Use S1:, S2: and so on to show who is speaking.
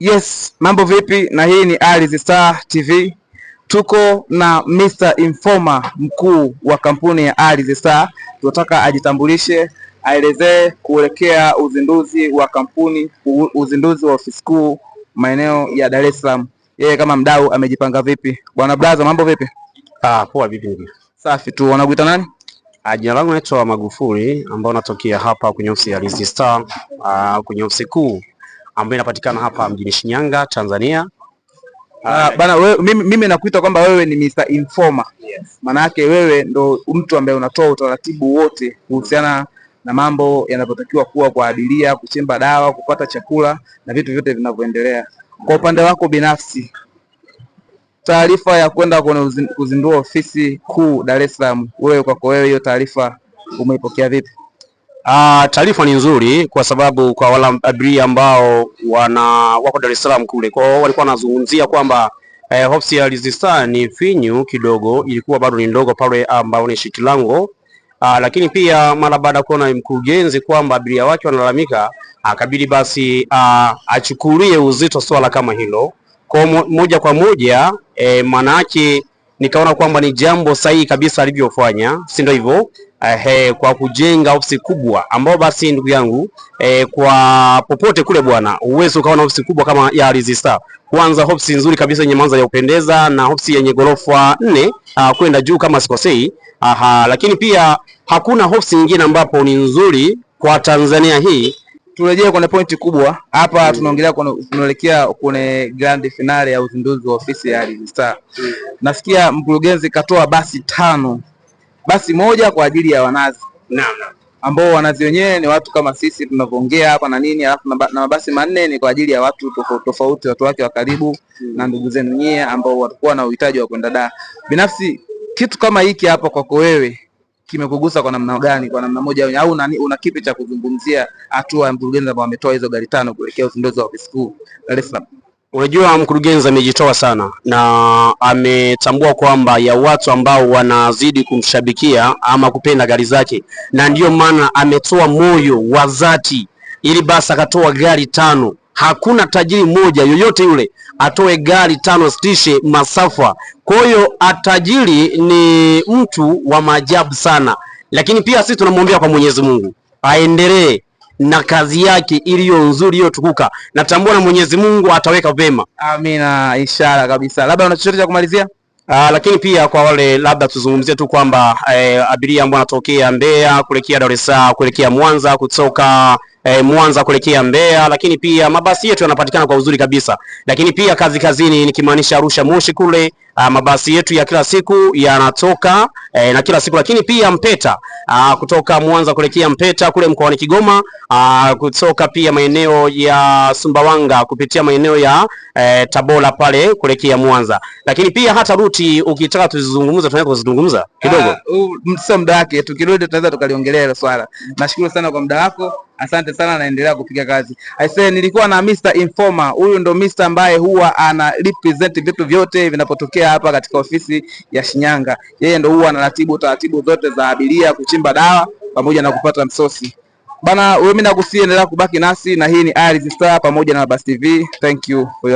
S1: Yes, mambo vipi? Na hii ni Ali Star TV. Tuko na Mr. Informa, mkuu wa kampuni ya Ali Star. Tunataka ajitambulishe, aelezee kuelekea uzinduzi wa kampuni, uzinduzi wa ofisi kuu maeneo ya Dar es Salaam. Yeye kama mdau amejipanga vipi? Bwana Braza, mambo vipi?
S2: Ah, poa vipi?
S1: Safi tu. Wanakuita nani?
S2: Ah, jina langu naitwa Magufuli, ambao natokea hapa kwenye ofisi ya Ali Star, ah, kwenye ofisi kuu ambayo inapatikana hapa mjini Shinyanga, Tanzania.
S1: Uh, bana we, mimi, mimi nakuita kwamba wewe ni Mr. Informer. Yes. yake wewe ndo mtu ambaye unatoa utaratibu wote kuhusiana na mambo yanavyotakiwa kuwa kwa abiria, kuchemba dawa, kupata chakula na vitu vyote vinavyoendelea. Kwa upande wako binafsi, taarifa ya kwenda kuzindua ofisi kuu Dar es Salaam, wewe kwako wewe hiyo taarifa umeipokea vipi?
S2: Uh, taarifa ni nzuri kwa sababu kwa wale abiria ambao wana wako Dar es Salaam kule kwao walikuwa wanazungumzia kwamba eh, hops ya Lizistar ni finyu kidogo, ilikuwa bado ni ndogo pale ambao ni Shitilango. Uh, ah, lakini pia mara baada ya kuona mkurugenzi kwamba abiria wake wanalalamika, akabidi ah, basi uh, achukulie uzito swala kama hilo kwa moja kwa moja eh, maana yake nikaona kwamba ni jambo sahihi kabisa alivyofanya, si ndio hivyo? eh, kwa kujenga ofisi kubwa ambao basi ndugu yangu eh, kwa popote kule bwana, uwezo ukawa na ofisi kubwa kama ya Alizi Star. Kwanza ofisi nzuri kabisa yenye manza ya kupendeza na ofisi yenye ghorofa nne ah, kwenda juu kama sikosei. Aha, lakini pia hakuna ofisi nyingine ambapo ni nzuri kwa Tanzania hii.
S1: Turejee kwenye pointi kubwa hapa mm. Tunaongelea tunaelekea kwenye grand finale ya uzinduzi wa ofisi ya Alizi mm. Nasikia mkurugenzi katoa basi tano basi moja kwa ajili ya wanazi naam, ambao wanazi wenyewe ni watu kama sisi tunavyoongea hapa na nini, alafu na mabasi manne ni kwa ajili ya watu tofauti tofauti, watu wake wa karibu hmm, na ndugu zenu nyie ambao walikuwa na uhitaji wa kwenda da. Binafsi kitu kama hiki hapa kwako wewe kimekugusa kwa namna gani? Kwa namna moja au una, una kipi cha kuzungumzia hatua ya mkurugenzi ambao wametoa hizo gari tano kuelekea uzinduzi wa ofisi kuu Dar es Salaam?
S2: Unajua, mkurugenzi amejitoa sana na ametambua kwamba ya watu ambao wanazidi kumshabikia ama kupenda gari zake, na ndiyo maana ametoa moyo wa dhati, ili basi akatoa gari tano. Hakuna tajiri mmoja yoyote yule atoe gari tano stishe masafa. Kwa hiyo atajiri ni mtu wa maajabu sana, lakini pia sisi tunamwombea kwa Mwenyezi Mungu aendelee na kazi yake iliyo nzuri iliyotukuka, natambua na Mwenyezi Mungu ataweka vema.
S1: Amina, ishara kabisa. Labda una chochote cha kumalizia?
S2: Aa, ah, lakini pia kwa wale labda tuzungumzie tu kwamba eh, abiria ambao wanatokea Mbeya kuelekea Dar es Salaam kuelekea Mwanza kutoka eh, Mwanza kuelekea Mbeya, lakini pia mabasi yetu yanapatikana kwa uzuri kabisa, lakini pia kazi kazini, nikimaanisha Arusha Moshi kule uh, mabasi yetu ya kila siku yanatoka eh, na kila siku lakini pia Mpeta uh, kutoka Mwanza kuelekea Mpeta kule mkoani Kigoma uh, kutoka pia maeneo ya Sumbawanga kupitia maeneo ya eh, Tabora pale kuelekea Mwanza, lakini pia hata ruti ukitaka tuzizungumza tunaweza kuzizungumza kidogo,
S1: sio muda wake, tukirudi tunaweza tukaliongelea hilo swala. Nashukuru sana kwa muda wako. Asante sana, naendelea kupiga kazi. I say nilikuwa na Mr. Informa. Huyu ndo Mr. ambaye huwa ana represent vitu vyote vinapotokea hapa katika ofisi ya Shinyanga. Yeye ndo huwa anaratibu taratibu zote za abiria kuchimba dawa pamoja na kupata msosi bana. Wewe mimi nakusiendelea kubaki nasi, na hii ni Aris Star pamoja na Bas TV. Thank you for your